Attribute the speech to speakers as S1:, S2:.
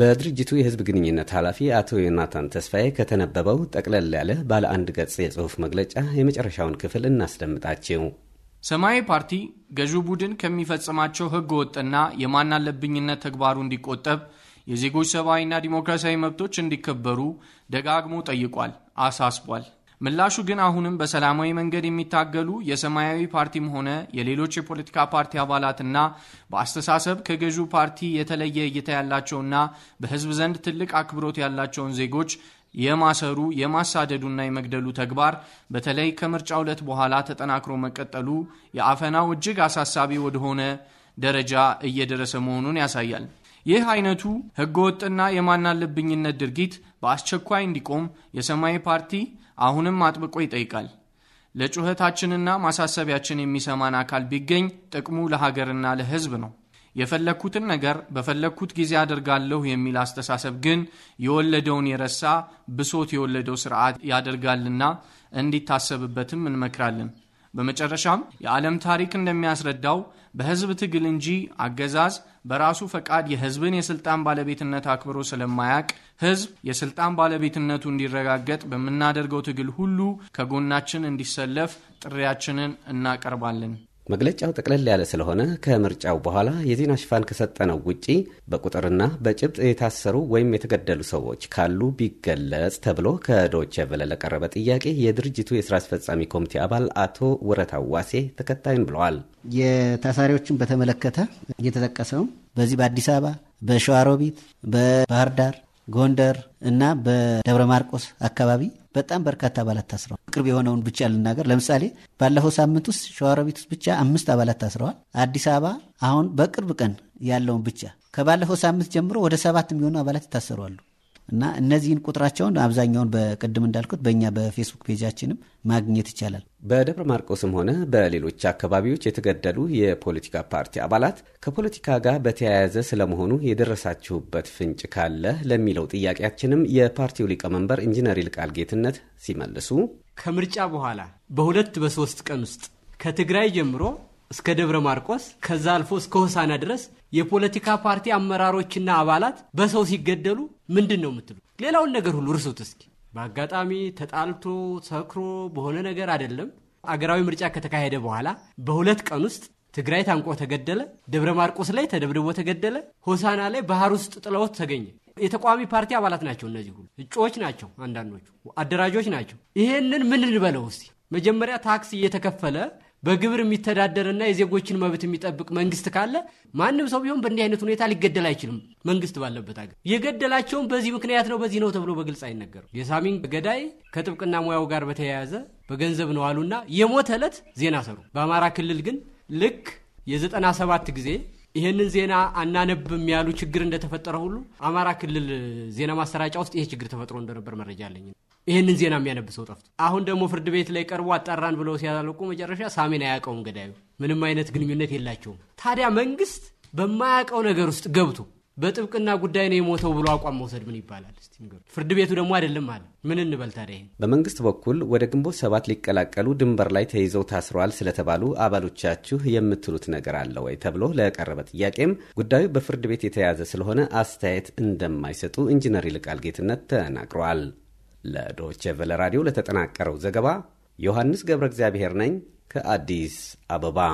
S1: በድርጅቱ የህዝብ ግንኙነት ኃላፊ አቶ ዮናታን ተስፋዬ ከተነበበው ጠቅለል ያለ ባለ አንድ ገጽ የጽሑፍ መግለጫ የመጨረሻውን ክፍል እናስደምጣቸው።
S2: ሰማያዊ ፓርቲ ገዢው ቡድን ከሚፈጽማቸው ህገ ወጥና የማናለብኝነት ተግባሩ እንዲቆጠብ የዜጎች ሰብአዊና ዲሞክራሲያዊ መብቶች እንዲከበሩ ደጋግሞ ጠይቋል፣ አሳስቧል። ምላሹ ግን አሁንም በሰላማዊ መንገድ የሚታገሉ የሰማያዊ ፓርቲም ሆነ የሌሎች የፖለቲካ ፓርቲ አባላትና በአስተሳሰብ ከገዢው ፓርቲ የተለየ እይታ ያላቸውና በህዝብ ዘንድ ትልቅ አክብሮት ያላቸውን ዜጎች የማሰሩ የማሳደዱና የመግደሉ ተግባር በተለይ ከምርጫ ዕለት በኋላ ተጠናክሮ መቀጠሉ የአፈናው እጅግ አሳሳቢ ወደሆነ ደረጃ እየደረሰ መሆኑን ያሳያል። ይህ አይነቱ ህገወጥና የማናለብኝነት ድርጊት በአስቸኳይ እንዲቆም የሰማያዊ ፓርቲ አሁንም አጥብቆ ይጠይቃል። ለጩኸታችንና ማሳሰቢያችን የሚሰማን አካል ቢገኝ ጥቅሙ ለሀገርና ለህዝብ ነው። የፈለግኩትን ነገር በፈለግኩት ጊዜ አደርጋለሁ የሚል አስተሳሰብ ግን የወለደውን የረሳ ብሶት የወለደው ስርዓት ያደርጋልና እንዲታሰብበትም እንመክራለን። በመጨረሻም የዓለም ታሪክ እንደሚያስረዳው በህዝብ ትግል እንጂ አገዛዝ በራሱ ፈቃድ የህዝብን የሥልጣን ባለቤትነት አክብሮ ስለማያቅ ህዝብ የሥልጣን ባለቤትነቱ እንዲረጋገጥ በምናደርገው ትግል ሁሉ ከጎናችን እንዲሰለፍ ጥሪያችንን እናቀርባለን።
S1: መግለጫው ጠቅለል ያለ ስለሆነ ከምርጫው በኋላ የዜና ሽፋን ከሰጠነው ውጪ በቁጥርና በጭብጥ የታሰሩ ወይም የተገደሉ ሰዎች ካሉ ቢገለጽ ተብሎ ከዶቼ ቬለ ለቀረበ ጥያቄ የድርጅቱ የስራ አስፈጻሚ ኮሚቴ አባል አቶ ውረት አዋሴ ተከታዩን ብለዋል።
S3: የታሳሪዎችን በተመለከተ እየተጠቀሰው በዚህ በአዲስ አበባ፣ በሸዋሮቢት፣ በባህር ዳር፣ ጎንደር እና በደብረ ማርቆስ አካባቢ በጣም በርካታ አባላት ታስረዋል። ቅርብ የሆነውን ብቻ ልናገር። ለምሳሌ ባለፈው ሳምንት ውስጥ ሸዋሮቢት ውስጥ ብቻ አምስት አባላት ታስረዋል። አዲስ አበባ አሁን በቅርብ ቀን ያለውን ብቻ ከባለፈው ሳምንት ጀምሮ ወደ ሰባት የሚሆኑ አባላት ይታሰሯሉ። እና እነዚህን ቁጥራቸውን አብዛኛውን በቅድም እንዳልኩት በእኛ በፌስቡክ ፔጃችንም ማግኘት ይቻላል።
S1: በደብረ ማርቆስም ሆነ በሌሎች አካባቢዎች የተገደሉ የፖለቲካ ፓርቲ አባላት ከፖለቲካ ጋር በተያያዘ ስለመሆኑ የደረሳችሁበት ፍንጭ ካለ ለሚለው ጥያቄያችንም የፓርቲው ሊቀመንበር ኢንጂነር ይልቃል ጌትነት ሲመልሱ
S4: ከምርጫ በኋላ በሁለት በሶስት ቀን ውስጥ ከትግራይ ጀምሮ እስከ ደብረ ማርቆስ ከዛ አልፎ እስከ ሆሳና ድረስ የፖለቲካ ፓርቲ አመራሮችና አባላት በሰው ሲገደሉ ምንድን ነው የምትሉ? ሌላውን ነገር ሁሉ እርሱት። እስኪ በአጋጣሚ ተጣልቶ ሰክሮ በሆነ ነገር አይደለም። አገራዊ ምርጫ ከተካሄደ በኋላ በሁለት ቀን ውስጥ ትግራይ ታንቆ ተገደለ፣ ደብረ ማርቆስ ላይ ተደብድቦ ተገደለ፣ ሆሳና ላይ ባህር ውስጥ ጥለውት ተገኘ። የተቃዋሚ ፓርቲ አባላት ናቸው እነዚህ ሁሉ እጩዎች ናቸው፣ አንዳንዶቹ አደራጆች ናቸው። ይሄንን ምን እንበለው መጀመሪያ ታክስ እየተከፈለ በግብር የሚተዳደርና የዜጎችን መብት የሚጠብቅ መንግስት ካለ ማንም ሰው ቢሆን በእንዲህ አይነት ሁኔታ ሊገደል አይችልም። መንግስት ባለበት አገር የገደላቸውም በዚህ ምክንያት ነው፣ በዚህ ነው ተብሎ በግልጽ አይነገርም። የሳሚን ገዳይ ከጥብቅና ሙያው ጋር በተያያዘ በገንዘብ ነው አሉና የሞተ ዕለት ዜና ሰሩ። በአማራ ክልል ግን ልክ የዘጠና ሰባት ጊዜ ይህንን ዜና አናነብም ያሉ ችግር እንደተፈጠረ ሁሉ አማራ ክልል ዜና ማሰራጫ ውስጥ ይሄ ችግር ተፈጥሮ እንደነበር መረጃ አለኝ። ይህንን ዜና የሚያነብ ሰው ጠፍቶ አሁን ደግሞ ፍርድ ቤት ላይ ቀርቦ አጣራን ብለው ሲያላልቁ መጨረሻ ሳሜን አያውቀውም ገዳዩ ምንም አይነት ግንኙነት የላቸውም። ታዲያ መንግስት በማያውቀው ነገር ውስጥ ገብቶ በጥብቅና ጉዳይ ነው የሞተው ብሎ አቋም መውሰድ ምን ይባላል? እስቲ ፍርድ ቤቱ ደግሞ አይደለም አለ። ምን እንበል ታዲያ? ይሄ
S1: በመንግስት በኩል ወደ ግንቦት ሰባት ሊቀላቀሉ ድንበር ላይ ተይዘው ታስረዋል ስለተባሉ አባሎቻችሁ የምትሉት ነገር አለ ወይ ተብሎ ለቀረበ ጥያቄም ጉዳዩ በፍርድ ቤት የተያዘ ስለሆነ አስተያየት እንደማይሰጡ ኢንጂነር ይልቃል ጌትነት ተናግረዋል። ለዶቼ ቨለ ራዲዮ ለተጠናቀረው ዘገባ ዮሐንስ ገብረ እግዚአብሔር ነኝ ከአዲስ አበባ